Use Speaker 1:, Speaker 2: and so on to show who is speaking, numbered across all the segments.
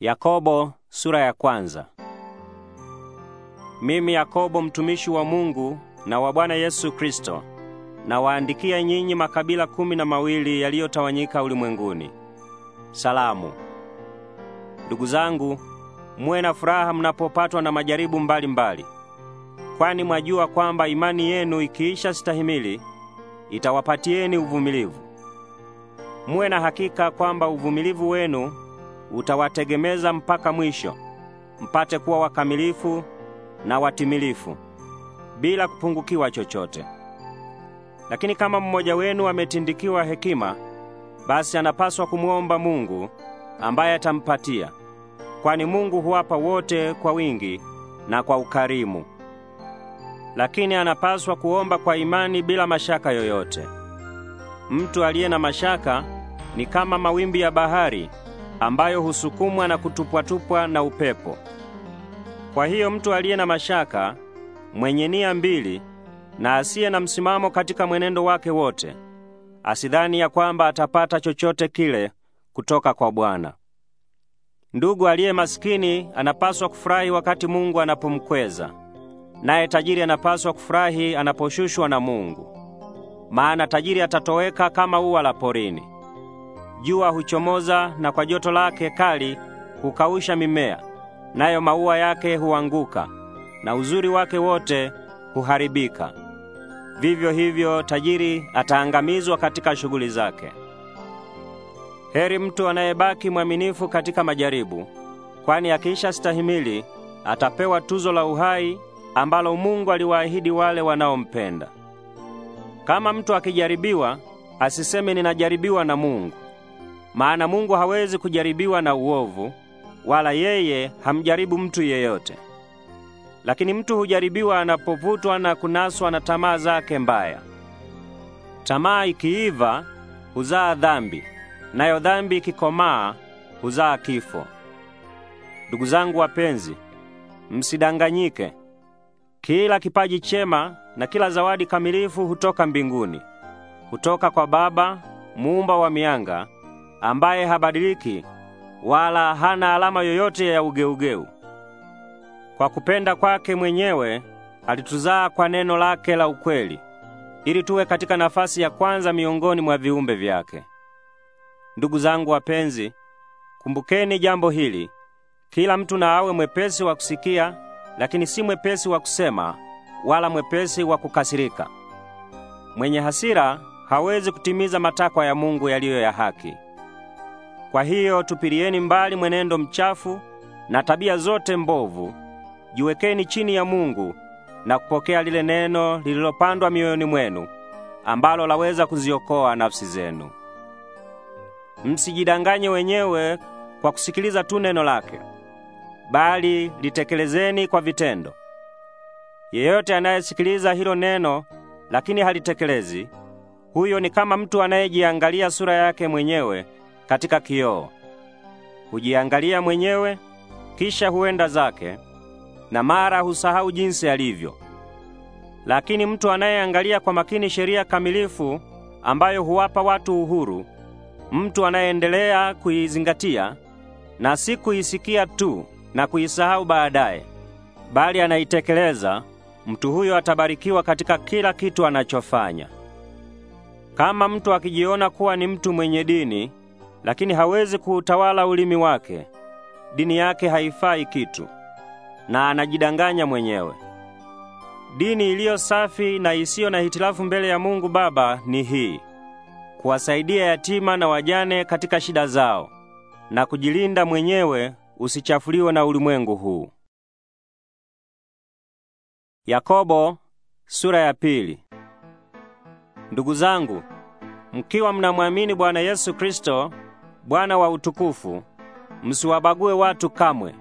Speaker 1: Yakobo sura ya kwanza. Mimi Yakobo mtumishi wa Mungu na wa Bwana Yesu Kristo, nawaandikia nyinyi makabila kumi na mawili yaliyotawanyika ulimwenguni. Salamu. Ndugu zangu, muwe na furaha mnapopatwa na majaribu mbalimbali mbali. Kwani mwajua kwamba imani yenu ikiisha stahimili itawapatieni uvumilivu. Muwe na hakika kwamba uvumilivu wenu utawategemeza mpaka mwisho, mpate kuwa wakamilifu na watimilifu bila kupungukiwa chochote. Lakini kama mmoja wenu ametindikiwa hekima, basi anapaswa kumwomba Mungu ambaye atampatia, kwani Mungu huwapa wote kwa wingi na kwa ukarimu. Lakini anapaswa kuomba kwa imani bila mashaka yoyote. Mtu aliye na mashaka ni kama mawimbi ya bahari ambayo husukumwa na kutupwatupwa na upepo. Kwa hiyo mtu aliye na mashaka, mwenye nia mbili na asiye na msimamo katika mwenendo wake wote, asidhani ya kwamba atapata chochote kile kutoka kwa Bwana. Ndugu aliye masikini anapaswa kufurahi wakati Mungu anapomkweza, naye tajiri anapaswa kufurahi anaposhushwa na Mungu, maana tajiri atatoweka kama ua la porini jua huchomoza na kwa joto lake kali hukausha mimea, nayo maua yake huanguka na uzuri wake wote huharibika. Vivyo hivyo tajiri ataangamizwa katika shughuli zake. Heri mtu anayebaki mwaminifu katika majaribu, kwani akiisha stahimili atapewa tuzo la uhai ambalo Mungu aliwaahidi wale wanaompenda. Kama mtu akijaribiwa, asiseme ninajaribiwa na Mungu, maana Mungu hawezi kujaribiwa na uovu, wala yeye hamjaribu mtu yeyote. Lakini mtu hujaribiwa anapovutwa na kunaswa na tamaa zake mbaya. Tamaa ikiiva huzaa dhambi, nayo dhambi ikikomaa huzaa kifo. Ndugu zangu wapenzi, msidanganyike. Kila kipaji chema na kila zawadi kamilifu hutoka mbinguni, hutoka kwa Baba muumba wa mianga ambaye habadiliki wala hana alama yoyote ya ugeugeu. Kwa kupenda kwake mwenyewe alituzaa kwa neno lake la ukweli, ili tuwe katika nafasi ya kwanza miongoni mwa viumbe vyake. Ndugu zangu wapenzi, kumbukeni jambo hili: kila mtu na awe mwepesi wa kusikia, lakini si mwepesi wa kusema, wala mwepesi wa kukasirika. Mwenye hasira hawezi kutimiza matakwa ya Mungu yaliyo ya haki. Kwa hiyo tupilieni mbali mwenendo mchafu na tabia zote mbovu, jiwekeni chini ya Mungu na kupokea lile neno lililopandwa mioyoni mwenu, ambalo laweza kuziokoa nafsi zenu. Msijidanganye wenyewe kwa kusikiliza tu neno lake, bali litekelezeni kwa vitendo. Yeyote anayesikiliza hilo neno lakini halitekelezi, huyo ni kama mtu anayejiangalia sura yake mwenyewe katika kioo, hujiangalia mwenyewe, kisha huenda zake, na mara husahau jinsi alivyo. Lakini mtu anayeangalia kwa makini sheria kamilifu ambayo huwapa watu uhuru, mtu anayeendelea kuizingatia na si kuisikia tu na kuisahau baadaye, bali anaitekeleza, mtu huyo atabarikiwa katika kila kitu anachofanya. Kama mtu akijiona kuwa ni mtu mwenye dini lakini hawezi kuutawala ulimi wake. Dini yake haifai kitu na anajidanganya mwenyewe. Dini iliyo safi na isiyo na hitilafu mbele ya Mungu Baba ni hii: kuwasaidia yatima na wajane katika shida zao na kujilinda mwenyewe usichafuliwe na ulimwengu huu. Yakobo sura ya pili. Ndugu zangu, mkiwa mnamwamini Bwana Yesu Kristo Bwana wa utukufu, msiwabague watu kamwe.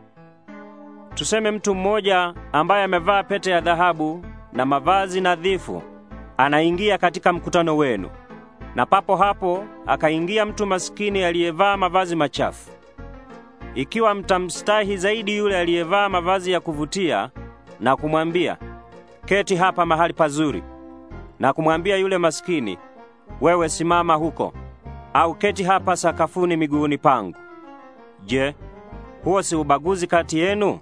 Speaker 1: Tuseme mtu mmoja ambaye amevaa pete ya dhahabu na mavazi nadhifu anaingia katika mkutano wenu, na papo hapo akaingia mtu masikini aliyevaa mavazi machafu. Ikiwa mtamstahi zaidi yule aliyevaa mavazi ya kuvutia na kumwambia keti hapa mahali pazuri, na kumwambia yule masikini, wewe simama huko au keti hapa sakafuni miguuni pangu. Je, huo si ubaguzi kati yenu?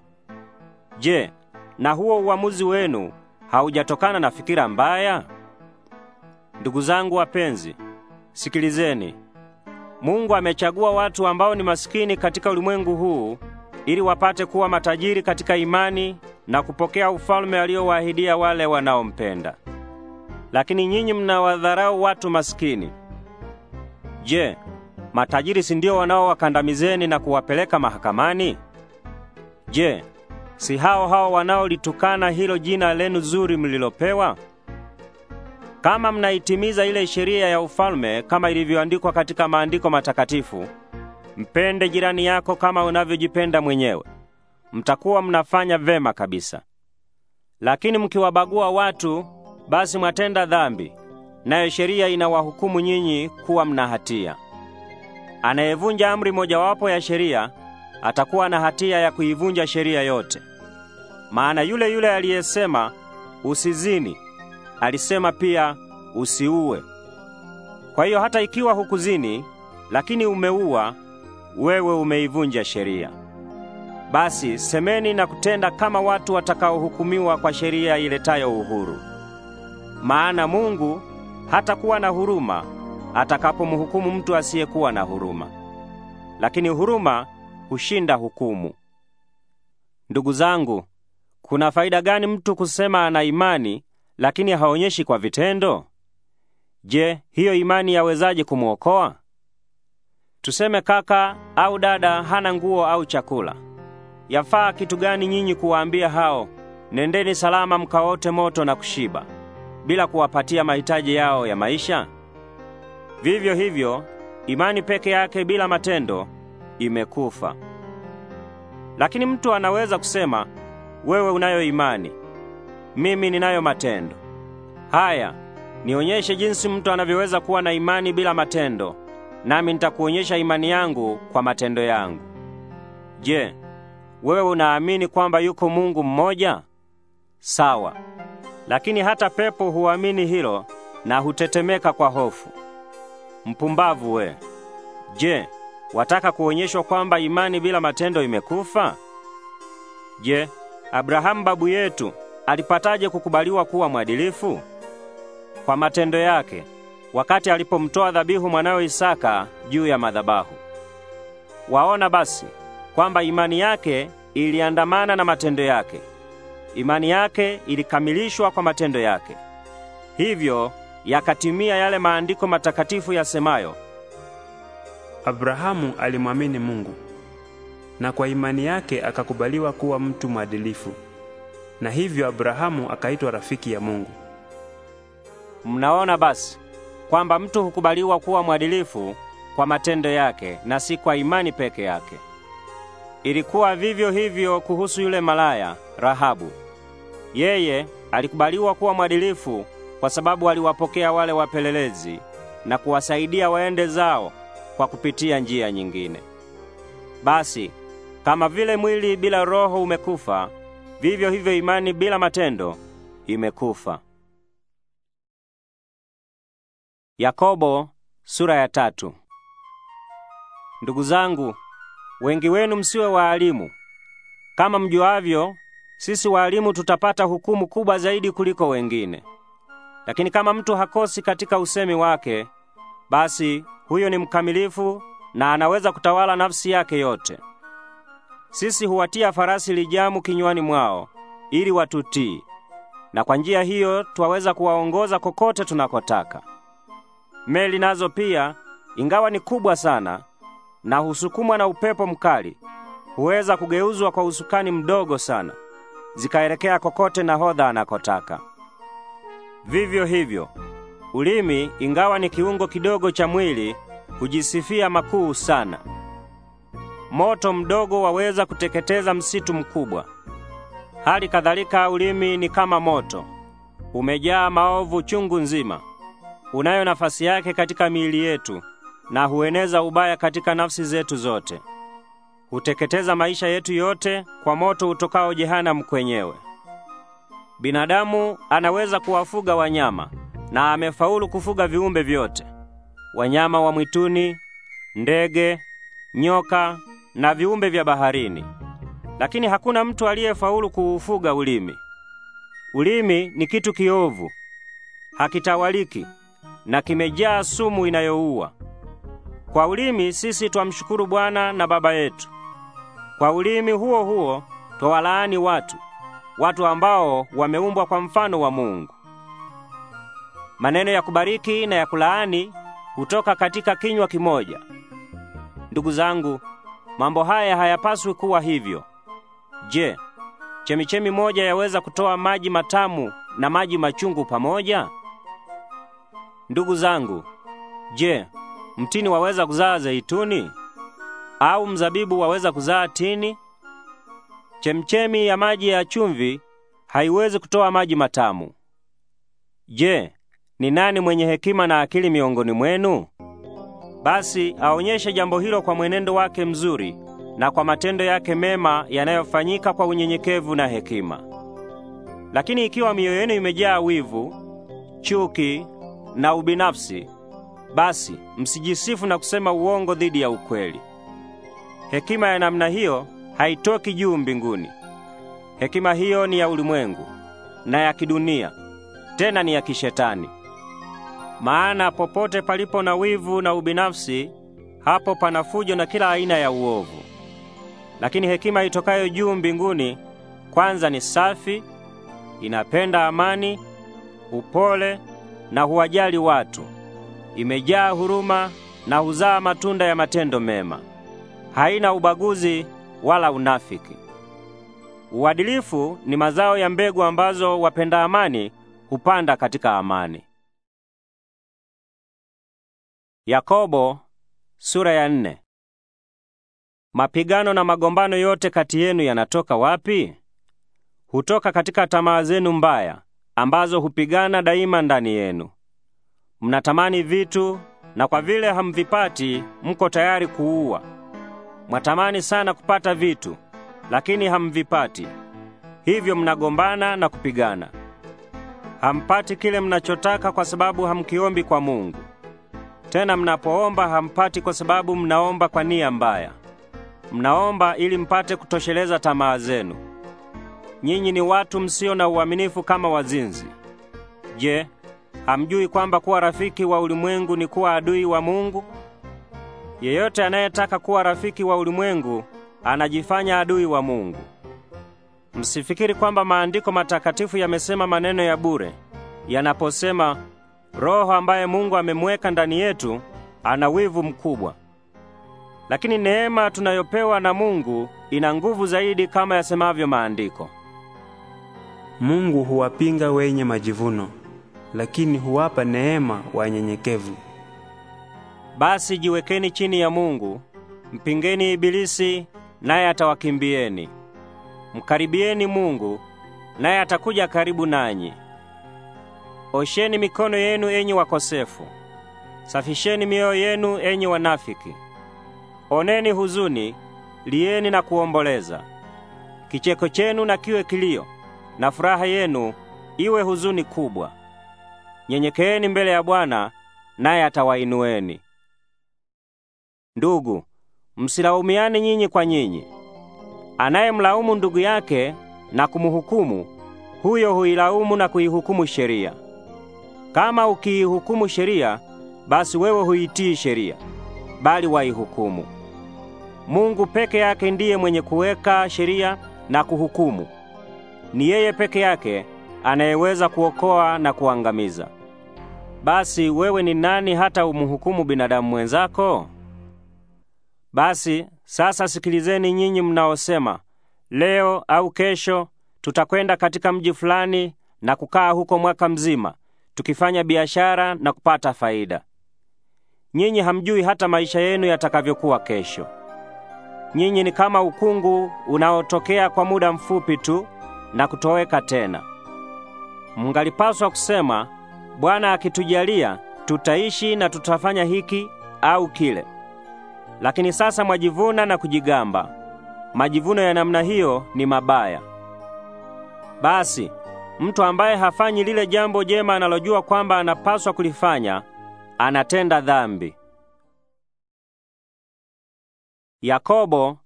Speaker 1: Je, na huo uamuzi wenu haujatokana na fikira mbaya? Ndugu zangu wapenzi, sikilizeni. Mungu amechagua watu ambao ni masikini katika ulimwengu huu ili wapate kuwa matajiri katika imani na kupokea ufalme aliyowaahidia wale wanaompenda. Lakini nyinyi mnawadharau watu masikini. Je, matajiri si ndio wanaowakandamizeni na kuwapeleka mahakamani? Je, si hao hao wanaolitukana hilo jina lenu zuri mlilopewa? Kama mnaitimiza ile sheria ya ufalme kama ilivyoandikwa katika maandiko matakatifu, mpende jirani yako kama unavyojipenda mwenyewe, mtakuwa mnafanya vema kabisa. Lakini mkiwabagua watu, basi mwatenda dhambi nayo sheria inawahukumu nyinyi kuwa mna hatia. Anayevunja amri mojawapo ya sheria atakuwa na hatia ya kuivunja sheria yote. Maana yule yule aliyesema usizini alisema pia usiue. Kwa hiyo hata ikiwa hukuzini lakini umeua, wewe umeivunja sheria. Basi semeni na kutenda kama watu watakaohukumiwa kwa sheria iletayo uhuru. Maana Mungu hatakuwa na huruma atakapomhukumu mtu asiyekuwa na huruma. Lakini huruma hushinda hukumu. Ndugu zangu, kuna faida gani mtu kusema ana imani lakini haonyeshi kwa vitendo? Je, hiyo imani yawezaje kumwokoa? Tuseme kaka au dada hana nguo au chakula. Yafaa kitu gani nyinyi kuwaambia hao, nendeni salama mkaote moto na kushiba? bila kuwapatia mahitaji yao ya maisha? Vivyo hivyo, imani peke yake bila matendo imekufa. Lakini mtu anaweza kusema, wewe unayo imani, mimi ninayo matendo. Haya, nionyeshe jinsi mtu anavyoweza kuwa na imani bila matendo, nami nitakuonyesha imani yangu kwa matendo yangu. Je, wewe unaamini kwamba yuko Mungu mmoja? Sawa. Lakini hata pepo huamini hilo na hutetemeka kwa hofu. Mpumbavu we! Je, wataka kuonyeshwa kwamba imani bila matendo imekufa? Je, Abrahamu babu yetu alipataje kukubaliwa kuwa mwadilifu? Kwa matendo yake, wakati alipomtoa dhabihu mwanawe Isaka juu ya madhabahu. Waona basi kwamba imani yake iliandamana na matendo yake imani yake ilikamilishwa kwa matendo yake. Hivyo yakatimia yale maandiko matakatifu yasemayo, Abrahamu alimwamini Mungu na kwa imani yake akakubaliwa kuwa mtu mwadilifu, na hivyo Abrahamu akaitwa rafiki ya Mungu. Mnaona basi kwamba mtu hukubaliwa kuwa mwadilifu kwa matendo yake na si kwa imani peke yake. Ilikuwa vivyo hivyo kuhusu yule malaya Rahabu. Yeye alikubaliwa kuwa mwadilifu kwa sababu aliwapokea wale wapelelezi na kuwasaidia waende zao kwa kupitia njia nyingine. Basi kama vile mwili bila roho umekufa, vivyo hivyo imani bila matendo imekufa. Yakobo sura ya tatu. Ndugu zangu, wengi wenu msiwe waalimu kama mjuavyo sisi walimu tutapata hukumu kubwa zaidi kuliko wengine. Lakini kama mtu hakosi katika usemi wake, basi huyo ni mkamilifu na anaweza kutawala nafsi yake yote. Sisi huwatia farasi lijamu kinywani mwao ili watutii, na kwa njia hiyo twaweza kuwaongoza kokote tunakotaka. Meli nazo pia, ingawa ni kubwa sana na husukumwa na upepo mkali, huweza kugeuzwa kwa usukani mdogo sana zikaelekea kokote nahodha anakotaka. Vivyo hivyo, ulimi ingawa ni kiungo kidogo cha mwili hujisifia makuu sana. Moto mdogo waweza kuteketeza msitu mkubwa. Hali kadhalika ulimi ni kama moto, umejaa maovu chungu nzima. Unayo nafasi yake katika miili yetu na hueneza ubaya katika nafsi zetu zote huteketeza maisha yetu yote kwa moto utokao jehanamu kwenyewe. Binadamu anaweza kuwafuga wanyama na amefaulu kufuga viumbe vyote, wanyama wa mwituni, ndege, nyoka na viumbe vya baharini, lakini hakuna mtu aliyefaulu kuufuga ulimi. Ulimi ni kitu kiovu, hakitawaliki na kimejaa sumu inayouua. Kwa ulimi sisi twamshukuru Bwana na Baba yetu kwa ulimi huo huo twawalaani watu, watu ambao wameumbwa kwa mfano wa Mungu. Maneno ya kubariki na ya kulaani hutoka katika kinywa kimoja. Ndugu zangu, mambo haya hayapaswi kuwa hivyo. Je, chemichemi moja yaweza kutoa maji matamu na maji machungu pamoja? Ndugu zangu, je, mtini waweza kuzaa zeituni? au mzabibu waweza kuzaa tini? Chemchemi ya maji ya chumvi haiwezi kutoa maji matamu. Je, ni nani mwenye hekima na akili miongoni mwenu? Basi aonyeshe jambo hilo kwa mwenendo wake mzuri na kwa matendo yake mema yanayofanyika kwa unyenyekevu na hekima. Lakini ikiwa mioyo yenu imejaa wivu, chuki na ubinafsi, basi msijisifu na kusema uongo dhidi ya ukweli. Hekima ya namna hiyo haitoki juu mbinguni. Hekima hiyo ni ya ulimwengu na ya kidunia, tena ni ya kishetani. Maana popote palipo na wivu na ubinafsi, hapo pana fujo na kila aina ya uovu. Lakini hekima itokayo juu mbinguni kwanza ni safi, inapenda amani, upole na huwajali watu, imejaa huruma na huzaa matunda ya matendo mema haina ubaguzi wala unafiki. Uadilifu ni mazao ya mbegu ambazo wapenda amani hupanda katika amani. Yakobo sura ya nne. Mapigano na magombano yote kati yenu yanatoka wapi? Hutoka katika tamaa zenu mbaya ambazo hupigana daima ndani yenu. Mnatamani vitu na kwa vile hamvipati, mko tayari kuua. Mwatamani sana kupata vitu, lakini hamvipati. Hivyo mnagombana na kupigana. Hampati kile mnachotaka kwa sababu hamkiombi kwa Mungu. Tena mnapoomba hampati kwa sababu mnaomba kwa nia mbaya. Mnaomba ili mpate kutosheleza tamaa zenu. Nyinyi ni watu msio na uaminifu kama wazinzi. Je, hamjui kwamba kuwa rafiki wa ulimwengu ni kuwa adui wa Mungu? Yeyote anayetaka kuwa rafiki wa ulimwengu anajifanya adui wa Mungu. Msifikiri kwamba maandiko matakatifu yamesema maneno ya bure yanaposema Roho ambaye Mungu amemweka ndani yetu ana wivu mkubwa. Lakini neema tunayopewa na Mungu ina nguvu zaidi kama yasemavyo maandiko. Mungu huwapinga wenye majivuno, lakini huwapa neema wanyenyekevu. Basi jiwekeni chini ya Mungu, mpingeni Ibilisi naye atawakimbieni. Mkaribieni Mungu naye atakuja karibu nanyi. Osheni mikono yenu enyi wakosefu, safisheni mioyo yenu enyi wanafiki. Oneni huzuni, lieni na kuomboleza. Kicheko chenu na kiwe kilio, na furaha yenu iwe huzuni kubwa. Nyenyekeeni mbele ya Bwana, naye atawainueni. Ndugu, msilaumiane nyinyi kwa nyinyi. Anayemlaumu ndugu yake na kumhukumu, huyo huilaumu na kuihukumu sheria. Kama ukiihukumu sheria, basi wewe huitii sheria, bali waihukumu. Mungu peke yake ndiye mwenye kuweka sheria na kuhukumu. Ni yeye peke yake anayeweza kuokoa na kuangamiza. Basi wewe ni nani hata umhukumu binadamu mwenzako? Basi sasa sikilizeni nyinyi mnaosema, leo au kesho tutakwenda katika mji fulani na kukaa huko mwaka mzima, tukifanya biashara na kupata faida. Nyinyi hamjui hata maisha yenu yatakavyokuwa kesho. Nyinyi ni kama ukungu unaotokea kwa muda mfupi tu na kutoweka tena. Mngalipaswa kusema, Bwana akitujalia tutaishi na tutafanya hiki au kile. Lakini sasa mwajivuna na kujigamba. Majivuno ya namna hiyo ni mabaya. Basi mtu ambaye hafanyi lile jambo jema analojua kwamba anapaswa kulifanya anatenda dhambi. Yakobo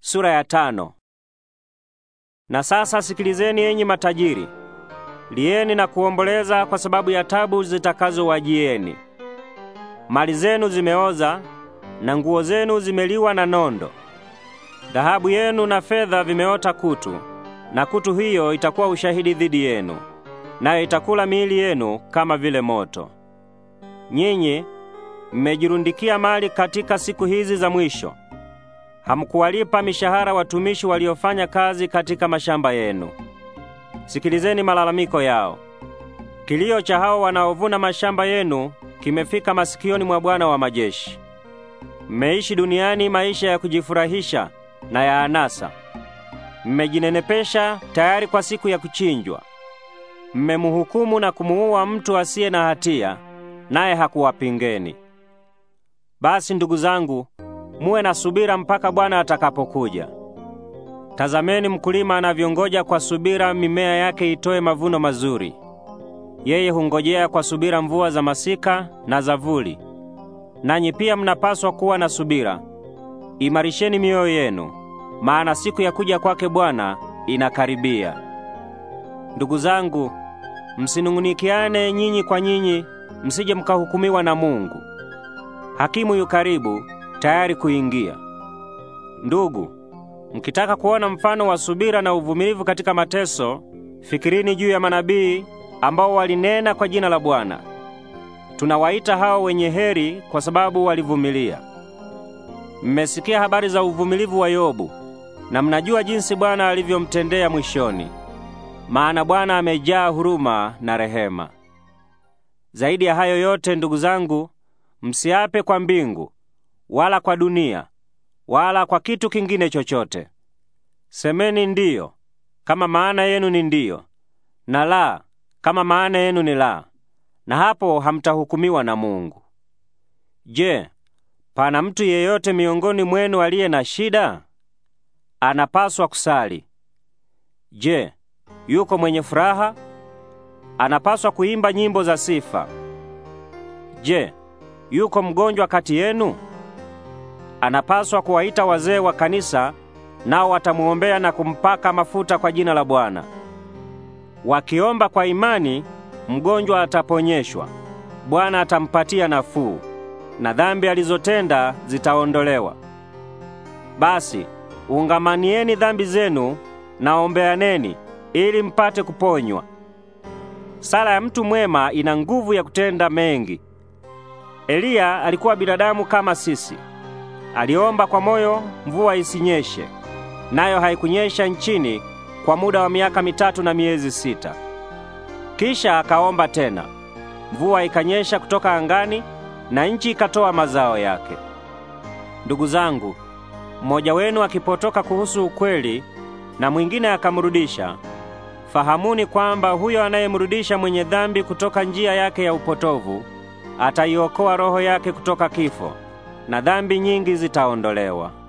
Speaker 1: sura ya tano. Na sasa sikilizeni, enyi matajiri, lieni na kuomboleza kwa sababu ya tabu zitakazowajieni. Mali zenu zimeoza na nguo zenu zimeliwa na nondo. Dhahabu yenu na fedha vimeota kutu, na kutu hiyo itakuwa ushahidi dhidi yenu, nayo itakula miili yenu kama vile moto. Nyinyi mmejirundikia mali katika siku hizi za mwisho. Hamkuwalipa mishahara watumishi waliofanya kazi katika mashamba yenu. Sikilizeni malalamiko yao. Kilio cha hao wanaovuna mashamba yenu kimefika masikioni mwa Bwana wa majeshi. Mmeishi duniani maisha ya kujifurahisha na ya anasa. Mmejinenepesha tayari kwa siku ya kuchinjwa. Mmemhukumu na kumuua mtu asiye na hatia, naye hakuwapingeni. Basi ndugu zangu, muwe na subira mpaka Bwana atakapokuja. Tazameni mkulima anavyongoja kwa subira mimea yake itoe mavuno mazuri. Yeye hungojea kwa subira mvua za masika na za vuli nanyi pia mnapaswa kuwa na subira. Imarisheni mioyo yenu, maana siku ya kuja kwake Bwana inakaribia. Ndugu zangu, msinung'unikiane nyinyi kwa nyinyi, msije mkahukumiwa na Mungu. Hakimu yu karibu, tayari kuingia. Ndugu, mkitaka kuona mfano wa subira na uvumilivu katika mateso, fikirini juu ya manabii ambao walinena kwa jina la Bwana. Tunawaita hao wenye heri kwa sababu walivumilia. Mmesikia habari za uvumilivu wa Yobu na mnajua jinsi Bwana alivyomtendea mwishoni. Maana Bwana amejaa huruma na rehema. Zaidi ya hayo yote, ndugu zangu, msiape kwa mbingu wala kwa dunia wala kwa kitu kingine chochote. Semeni ndiyo, kama maana yenu ni ndiyo, na la, kama maana yenu ni la na hapo hamtahukumiwa na Mungu. Je, pana mtu yeyote miongoni mwenu aliye na shida? Anapaswa kusali. Je, yuko mwenye furaha? Anapaswa kuimba nyimbo za sifa. Je, yuko mgonjwa kati yenu? Anapaswa kuwaita wazee wa kanisa, nao watamuombea na kumpaka mafuta kwa jina la Bwana. Wakiomba kwa imani mgonjwa ataponyeshwa, Bwana atampatia nafuu na dhambi alizotenda zitaondolewa. Basi ungamanieni dhambi zenu na ombeaneni ili mpate kuponywa. Sala ya mtu mwema ina nguvu ya kutenda mengi. Eliya alikuwa binadamu kama sisi. Aliomba kwa moyo mvua isinyeshe, nayo haikunyesha nchini kwa muda wa miaka mitatu na miezi sita. Kisha akaomba tena, mvua ikanyesha kutoka angani na nchi ikatoa mazao yake. Ndugu zangu, mmoja wenu akipotoka kuhusu ukweli na mwingine akamrudisha, fahamuni kwamba huyo anayemrudisha mwenye dhambi kutoka njia yake ya upotovu ataiokoa roho yake kutoka kifo, na dhambi nyingi zitaondolewa.